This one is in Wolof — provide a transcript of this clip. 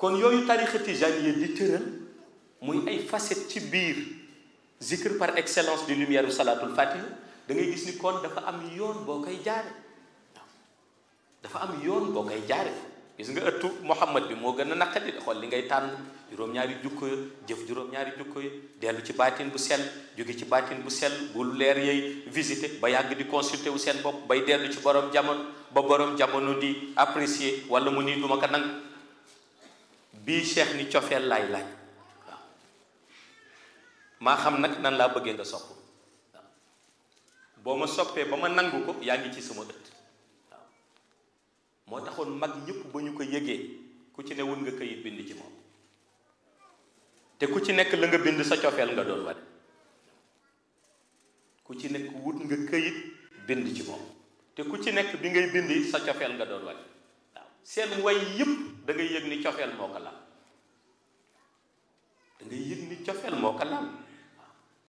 kon yooyu tarixa tijaniyya di tëral muy ay facette ci biir zikr par excellence di lumière u salaatul fatiha da ngay gis ni kon dafa am yoon boo koy jaare dafa am yoon boo koy jaare gis nga ëttu Muhammad bi moo gën a naqadi xool li ngay tànn juróom-ñaari jukko ya jëf juróom-ñaari jukko ya dellu ci baatin bu sell jóge ci baatin bu sell bu leer yey visité ba yàgg di consulté wu seen bopp bay dellu ci borom jamono ba borom jamono di apprécier wala mu ni bii cheikh ni cofeel laay laaj waaw maa xam nag nan laa bëggee nga sopp waaw boo ma soppee ba ma nangu ko yaa ngi ci sama ëtt waaw moo taxoon mag ñépp ba ñu ko yëgee ku ci ne wut nga këyit bind ci moom te ku ci nekk la nga bind sa cofeel nga doon wane ci nekk wut nga këyit te ku ci nekk bi ngay bindi sa cofeel nga doon wane seen way yëpp dangay yëg ni cofeel moo ko dangay da ngay yëg ni cofeel moo ko